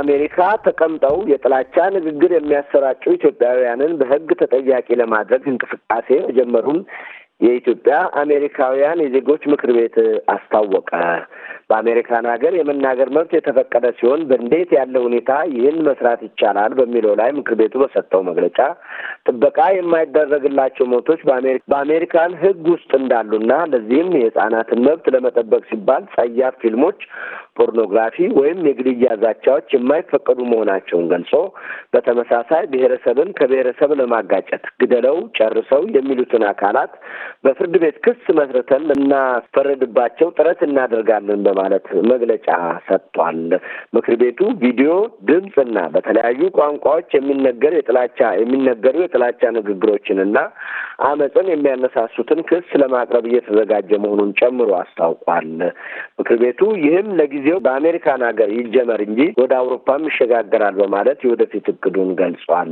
በአሜሪካ ተቀምጠው የጥላቻ ንግግር የሚያሰራጩ ኢትዮጵያውያንን በሕግ ተጠያቂ ለማድረግ እንቅስቃሴ መጀመሩን የኢትዮጵያ አሜሪካውያን የዜጎች ምክር ቤት አስታወቀ። በአሜሪካን ሀገር የመናገር መብት የተፈቀደ ሲሆን በእንዴት ያለ ሁኔታ ይህን መስራት ይቻላል በሚለው ላይ ምክር ቤቱ በሰጠው መግለጫ ጥበቃ የማይደረግላቸው ሞቶች በአሜሪካን ሕግ ውስጥ እንዳሉና ለዚህም የህጻናትን መብት ለመጠበቅ ሲባል ጸያፍ ፊልሞች ፖርኖግራፊ ወይም የግድያ ዛቻዎች የማይፈቀዱ መሆናቸውን ገልጾ በተመሳሳይ ብሔረሰብን ከብሔረሰብ ለማጋጨት ግደለው፣ ጨርሰው የሚሉትን አካላት በፍርድ ቤት ክስ መስርተን እናፈረድባቸው ጥረት እናደርጋለን በማለት መግለጫ ሰጥቷል። ምክር ቤቱ ቪዲዮ፣ እና በተለያዩ ቋንቋዎች የሚነገር የጥላቻ የሚነገሩ የጥላቻ ንግግሮችንና አመፅን የሚያነሳሱትን ክስ ለማቅረብ እየተዘጋጀ መሆኑን ጨምሮ አስታውቋል። ምክር ቤቱ ይህም ለጊዜ ጊዜው በአሜሪካን ሀገር ይጀመር እንጂ ወደ አውሮፓም ይሸጋገራል በማለት የወደፊት እቅዱን ገልጿል።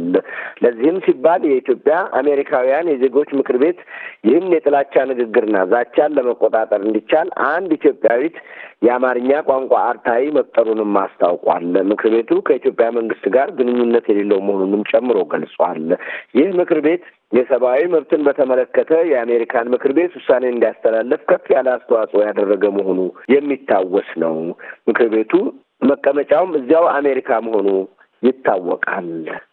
ለዚህም ሲባል የኢትዮጵያ አሜሪካውያን የዜጎች ምክር ቤት ይህን የጥላቻ ንግግርና ዛቻን ለመቆጣጠር እንዲቻል አንድ ኢትዮጵያዊት የአማርኛ ቋንቋ አርታዊ መቅጠሩንም አስታውቋል። ምክር ቤቱ ከኢትዮጵያ መንግስት ጋር ግንኙነት የሌለው መሆኑንም ጨምሮ ገልጿል። ይህ ምክር ቤት የሰብአዊ መብትን በተመለከተ የአሜሪካን ምክር ቤት ውሳኔ እንዲያስተላለፍ ከፍ ያለ አስተዋጽኦ ያደረገ መሆኑ የሚታወስ ነው። ምክር ቤቱ መቀመጫውም እዚያው አሜሪካ መሆኑ ይታወቃል።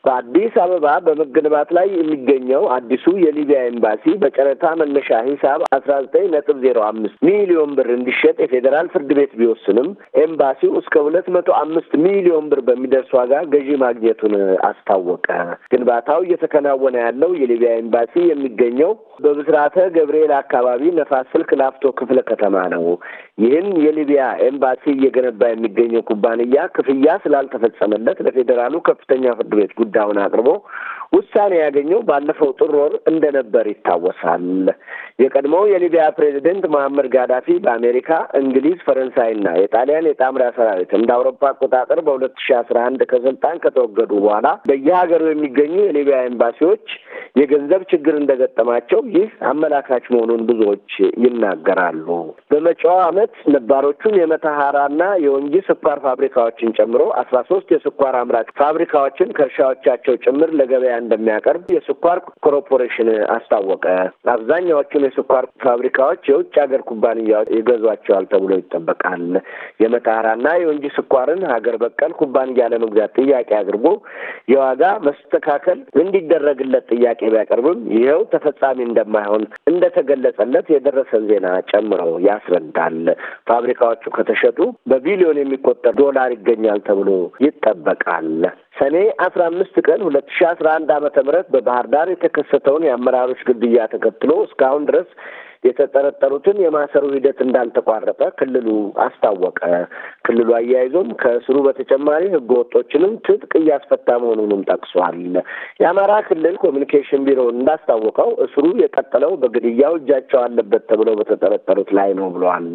በአዲስ አበባ በመገንባት ላይ የሚገኘው አዲሱ የሊቢያ ኤምባሲ በጨረታ መነሻ ሂሳብ አስራ ዘጠኝ ነጥብ ዜሮ አምስት ሚሊዮን ብር እንዲሸጥ የፌዴራል ፍርድ ቤት ቢወስንም ኤምባሲው እስከ ሁለት መቶ አምስት ሚሊዮን ብር በሚደርስ ዋጋ ገዢ ማግኘቱን አስታወቀ። ግንባታው እየተከናወነ ያለው የሊቢያ ኤምባሲ የሚገኘው በብስራተ ገብርኤል አካባቢ ነፋስ ስልክ ላፍቶ ክፍለ ከተማ ነው። ይህን የሊቢያ ኤምባሲ እየገነባ የሚገኘው ኩባንያ ክፍያ ስላልተፈጸመለት ለፌደ ፌዴራሉ ከፍተኛ ፍርድ ቤት ጉዳዩን አቅርቦ ውሳኔ ያገኘው ባለፈው ጥር ወር እንደነበር ይታወሳል። የቀድሞው የሊቢያ ፕሬዚደንት መሐመድ ጋዳፊ በአሜሪካ፣ እንግሊዝ፣ ፈረንሳይና የጣሊያን የጣምራ ሰራዊት እንደ አውሮፓ አቆጣጠር በሁለት ሺ አስራ አንድ ከስልጣን ከተወገዱ በኋላ በየሀገሩ የሚገኙ የሊቢያ ኤምባሲዎች የገንዘብ ችግር እንደገጠማቸው ይህ አመላካች መሆኑን ብዙዎች ይናገራሉ። በመጪው ዓመት ነባሮቹን የመተሃራና የወንጂ ስኳር ፋብሪካዎችን ጨምሮ አስራ ሶስት የስኳር አምራች ፋብሪካዎችን ከእርሻዎቻቸው ጭምር ለገበያ እንደሚያቀርብ የስኳር ኮርፖሬሽን አስታወቀ። አብዛኛዎቹን የስኳር ፋብሪካዎች የውጭ ሀገር ኩባንያዎች ይገዟቸዋል ተብሎ ይጠበቃል። የመጣራና የወንጂ ስኳርን ሀገር በቀል ኩባንያ ለመግዛት ጥያቄ አድርጎ የዋጋ መስተካከል እንዲደረግለት ጥያቄ ቢያቀርብም ይኸው ተፈጻሚ እንደማይሆን እንደተገለጸለት የደረሰን ዜና ጨምሮ ያስረዳል። ፋብሪካዎቹ ከተሸጡ በቢሊዮን የሚቆጠር ዶላር ይገኛል ተብሎ ይጠበቃል። ሰኔ አስራ አምስት ቀን ሁለት ሺ አስራ አንድ አመተ ምህረት በባህር ዳር የተከሰተውን የአመራሮች ግድያ ተከትሎ እስካሁን ድረስ የተጠረጠሩትን የማሰሩ ሂደት እንዳልተቋረጠ ክልሉ አስታወቀ። ክልሉ አያይዞም ከእስሩ በተጨማሪ ህገወጦችንም ትጥቅ እያስፈታ መሆኑንም ጠቅሷል። የአማራ ክልል ኮሚኒኬሽን ቢሮ እንዳስታወቀው እስሩ የቀጠለው በግድያው እጃቸው አለበት ተብለው በተጠረጠሩት ላይ ነው ብለዋል።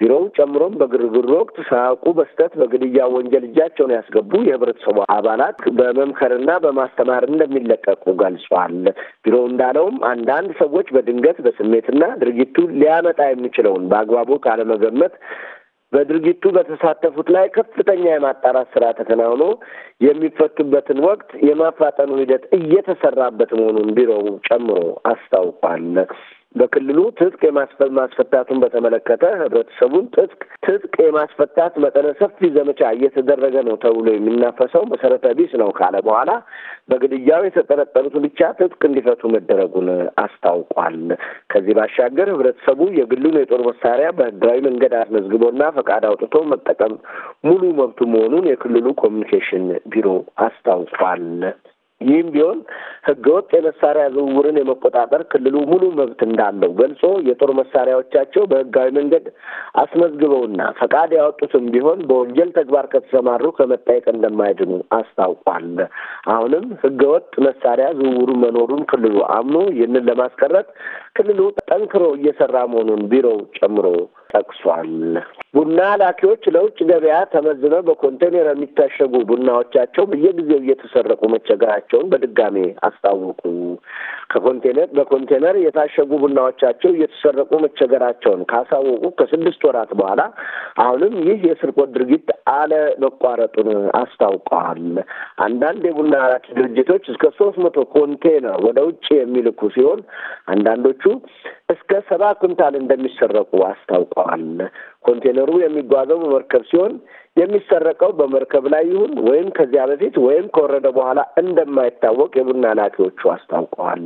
ቢሮው ጨምሮም በግርግሩ ወቅት ሳያውቁ በስተት በግድያ ወንጀል እጃቸውን ያስገቡ የህብረተሰቡ አባላት በመምከርና በማስተማር እንደሚለቀቁ ገልጿል። ቢሮው እንዳለውም አንዳንድ ሰዎች በድንገት በስሜትና ድርጊቱ ሊያመጣ የሚችለውን በአግባቡ ካለመገመት በድርጊቱ በተሳተፉት ላይ ከፍተኛ የማጣራት ስራ ተከናውኖ የሚፈቱበትን ወቅት የማፋጠኑ ሂደት እየተሰራበት መሆኑን ቢሮው ጨምሮ አስታውቋል። በክልሉ ትጥቅ ማስፈታቱን በተመለከተ ህብረተሰቡን ትጥቅ ትጥቅ የማስፈታት መጠነ ሰፊ ዘመቻ እየተደረገ ነው ተብሎ የሚናፈሰው መሰረተ ቢስ ነው ካለ በኋላ በግድያው የተጠረጠሩት ብቻ ትጥቅ እንዲፈቱ መደረጉን አስታውቋል። ከዚህ ባሻገር ህብረተሰቡ የግሉን የጦር መሳሪያ በህጋዊ መንገድ አስመዝግቦና ፈቃድ አውጥቶ መጠቀም ሙሉ መብቱ መሆኑን የክልሉ ኮሚኒኬሽን ቢሮ አስታውቋል። ይህም ቢሆን ህገወጥ የመሳሪያ ዝውውርን የመቆጣጠር ክልሉ ሙሉ መብት እንዳለው ገልጾ የጦር መሳሪያዎቻቸው በህጋዊ መንገድ አስመዝግበውና ፈቃድ ያወጡትም ቢሆን በወንጀል ተግባር ከተሰማሩ ከመጠየቅ እንደማይድኑ አስታውቋል። አሁንም ህገወጥ መሳሪያ ዝውውሩ መኖሩን ክልሉ አምኖ ይህንን ለማስቀረት ክልሉ ጠንክሮ እየሰራ መሆኑን ቢሮው ጨምሮ ጠቅሷል። ቡና ላኪዎች ለውጭ ገበያ ተመዝነው በኮንቴነር የሚታሸጉ ቡናዎቻቸው በየጊዜው እየተሰረቁ መቸገራቸውን በድጋሜ አስታወቁ። ከኮንቴነር በኮንቴነር የታሸጉ ቡናዎቻቸው እየተሰረቁ መቸገራቸውን ካሳወቁ ከስድስት ወራት በኋላ አሁንም ይህ የስርቆት ድርጊት አለ መቋረጡን አስታውቀዋል። አንዳንድ የቡና ላኪ ድርጅቶች እስከ ሶስት መቶ ኮንቴነር ወደ ውጭ የሚልኩ ሲሆን አንዳንዶቹ እስከ ሰባ ኩንታል እንደሚሰረቁ አስታውቀዋል። ኮንቴነሩ የሚጓዘው በመርከብ ሲሆን የሚሰረቀው በመርከብ ላይ ይሁን ወይም ከዚያ በፊት ወይም ከወረደ በኋላ እንደማይታወቅ የቡና ላኪዎቹ አስታውቀዋል።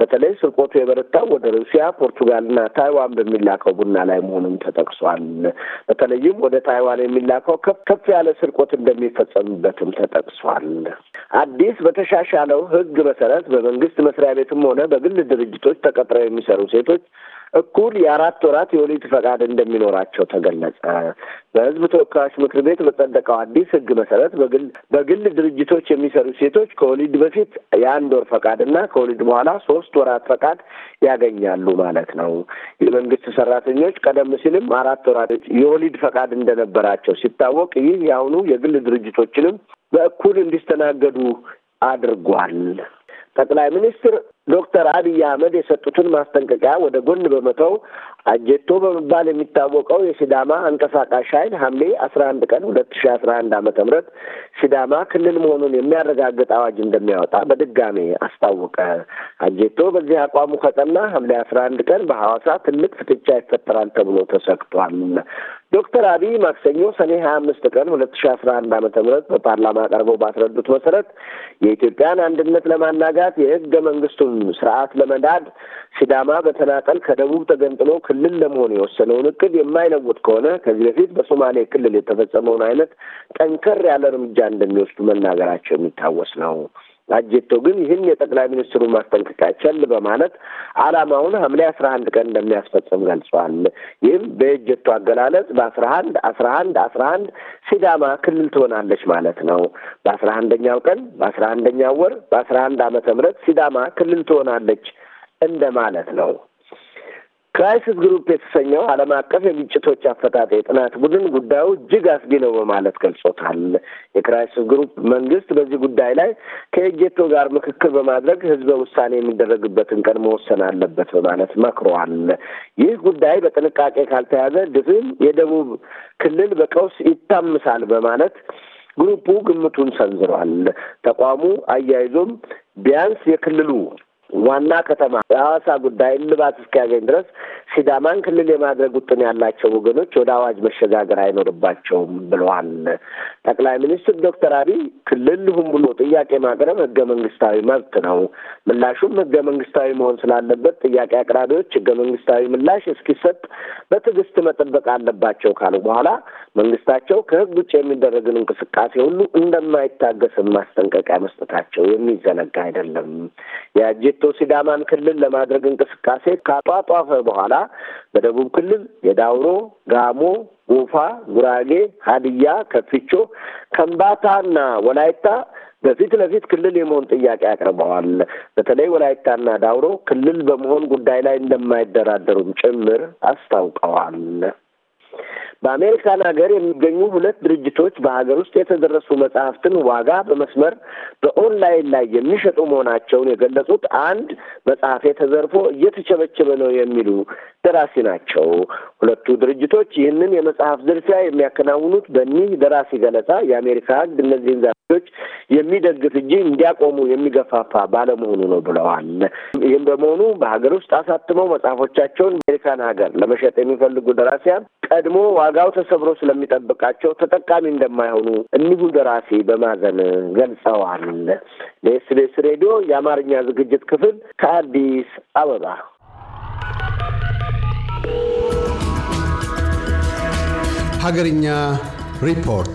በተለይ ስርቆቱ የበረታው ወደ ሩሲያ፣ ፖርቱጋልና ታይዋን በሚላከው ቡና ላይ መሆኑም ተጠቅሷል። በተለይም ወደ ታይዋን የሚላከው ከፍ ያለ ስርቆት እንደሚፈጸምበትም ተጠቅሷል። አዲስ በተሻሻለው ሕግ መሰረት በመንግስት መስሪያ ቤትም ሆነ በግል ድርጅቶች ተቀጥረው የሚሰሩ ሴቶች እኩል የአራት ወራት የወሊድ ፈቃድ እንደሚኖራቸው ተገለጸ። በህዝብ ተወካዮች ምክር ቤት በጸደቀው አዲስ ህግ መሰረት በግል በግል ድርጅቶች የሚሰሩ ሴቶች ከወሊድ በፊት የአንድ ወር ፈቃድ እና ከወሊድ በኋላ ሶስት ወራት ፈቃድ ያገኛሉ ማለት ነው። የመንግስት ሰራተኞች ቀደም ሲልም አራት ወራት የወሊድ ፈቃድ እንደነበራቸው ሲታወቅ ይህ የአሁኑ የግል ድርጅቶችንም በእኩል እንዲስተናገዱ አድርጓል። ጠቅላይ ሚኒስትር ዶክተር አብይ አህመድ የሰጡትን ማስጠንቀቂያ ወደ ጎን በመተው አጀቶ በመባል የሚታወቀው የሲዳማ አንቀሳቃሽ ኃይል ሐምሌ አስራ አንድ ቀን ሁለት ሺ አስራ አንድ ዓመተ ምህረት ሲዳማ ክልል መሆኑን የሚያረጋግጥ አዋጅ እንደሚያወጣ በድጋሜ አስታወቀ። አጀቶ በዚህ አቋሙ ከጸና ሐምሌ አስራ አንድ ቀን በሐዋሳ ትልቅ ፍጥጫ ይፈጠራል ተብሎ ተሰግቷል። ዶክተር አብይ ማክሰኞ ሰኔ ሀያ አምስት ቀን ሁለት ሺ አስራ አንድ ዓመተ ምህረት በፓርላማ ቀርበው ባስረዱት መሰረት የኢትዮጵያን አንድነት ለማናጋት የህገ መንግስቱን ስርዓት ለመዳድ ሲዳማ በተናጠል ከደቡብ ተገንጥሎ ክልል ለመሆን የወሰነውን እቅድ የማይለውጥ ከሆነ ከዚህ በፊት በሶማሌ ክልል የተፈጸመውን አይነት ጠንከር ያለ እርምጃ እንደሚወስዱ መናገራቸው የሚታወስ ነው። አጀቶ ግን ይህን የጠቅላይ ሚኒስትሩ ማስጠንቀቂያ ቸል በማለት አላማውን ሐምሌ አስራ አንድ ቀን እንደሚያስፈጽም ገልጿል። ይህም በእጀቶ አገላለጽ በአስራ አንድ አስራ አንድ አስራ አንድ ሲዳማ ክልል ትሆናለች ማለት ነው። በአስራ አንደኛው ቀን በአስራ አንደኛው ወር በአስራ አንድ አመተ ምህረት ሲዳማ ክልል ትሆናለች እንደማለት ነው። ክራይሲስ ግሩፕ የተሰኘው ዓለም አቀፍ የግጭቶች አፈጣጥ የጥናት ቡድን ጉዳዩ እጅግ አስጊ ነው በማለት ገልጾታል። የክራይሲስ ግሩፕ መንግስት በዚህ ጉዳይ ላይ ከኤጄቶ ጋር ምክክር በማድረግ ህዝበ ውሳኔ የሚደረግበትን ቀን መወሰን አለበት በማለት መክሯል። ይህ ጉዳይ በጥንቃቄ ካልተያዘ ድፍን የደቡብ ክልል በቀውስ ይታምሳል በማለት ግሩፑ ግምቱን ሰንዝሯል። ተቋሙ አያይዞም ቢያንስ የክልሉ ዋና ከተማ የሐዋሳ ጉዳይ እልባት እስኪያገኝ ድረስ ሲዳማን ክልል የማድረግ ውጥን ያላቸው ወገኖች ወደ አዋጅ መሸጋገር አይኖርባቸውም ብለዋል። ጠቅላይ ሚኒስትር ዶክተር አብይ ክልል ሁን ብሎ ጥያቄ ማቅረብ ህገ መንግስታዊ መብት ነው። ምላሹም ህገ መንግስታዊ መሆን ስላለበት ጥያቄ አቅራቢዎች ህገ መንግስታዊ ምላሽ እስኪሰጥ በትዕግስት መጠበቅ አለባቸው ካሉ በኋላ መንግስታቸው ከህግ ውጭ የሚደረግን እንቅስቃሴ ሁሉ እንደማይታገስን ማስጠንቀቂያ መስጠታቸው የሚዘነጋ አይደለም። የእጅግ ወልቂቶ ሲዳማን ክልል ለማድረግ እንቅስቃሴ ካጧጧፈ በኋላ በደቡብ ክልል የዳውሮ፣ ጋሞ፣ ጎፋ፣ ጉራጌ፣ ሀዲያ፣ ከፊቾ፣ ከምባታና ወላይታ በፊት ለፊት ክልል የመሆን ጥያቄ አቅርበዋል። በተለይ ወላይታና ዳውሮ ክልል በመሆን ጉዳይ ላይ እንደማይደራደሩም ጭምር አስታውቀዋል። በአሜሪካን ሀገር የሚገኙ ሁለት ድርጅቶች በሀገር ውስጥ የተደረሱ መጽሐፍትን ዋጋ በመስመር በኦንላይን ላይ የሚሸጡ መሆናቸውን የገለጹት አንድ መጽሐፌ ተዘርፎ እየተቸበቸበ ነው የሚሉ ደራሲ ናቸው። ሁለቱ ድርጅቶች ይህንን የመጽሐፍ ዝርፊያ የሚያከናውኑት በኒህ ደራሲ ገለጻ የአሜሪካ ሕግ እነዚህን ች የሚደግፍ እንጂ እንዲያቆሙ የሚገፋፋ ባለመሆኑ ነው ብለዋል። ይህም በመሆኑ በሀገር ውስጥ አሳትመው መጽሐፎቻቸውን አሜሪካን ሀገር ለመሸጥ የሚፈልጉ ደራሲያን ቀድሞ ዋጋው ተሰብሮ ስለሚጠብቃቸው ተጠቃሚ እንደማይሆኑ እኒሁ ደራሲ በማዘን ገልጸዋል። ለኤስቤስ ሬዲዮ የአማርኛ ዝግጅት ክፍል ከአዲስ አበባ ሀገርኛ ሪፖርት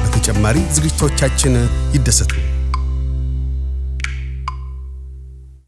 በተጨማሪ ዝግጅቶቻችን ይደሰቱ።